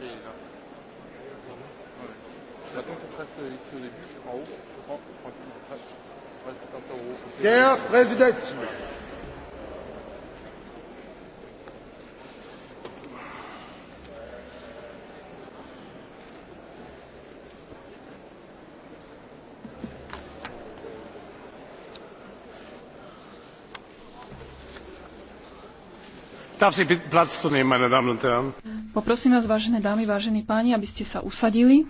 Et là. Voilà. Maintenant qu'on passe ici au début, en haut, on prend Der Präsident! Darf Sie bitten, Platz zu nehmen, meine Damen und Herren? Poprosím vás, vážené dámy, vážení páni, aby ste sa usadili.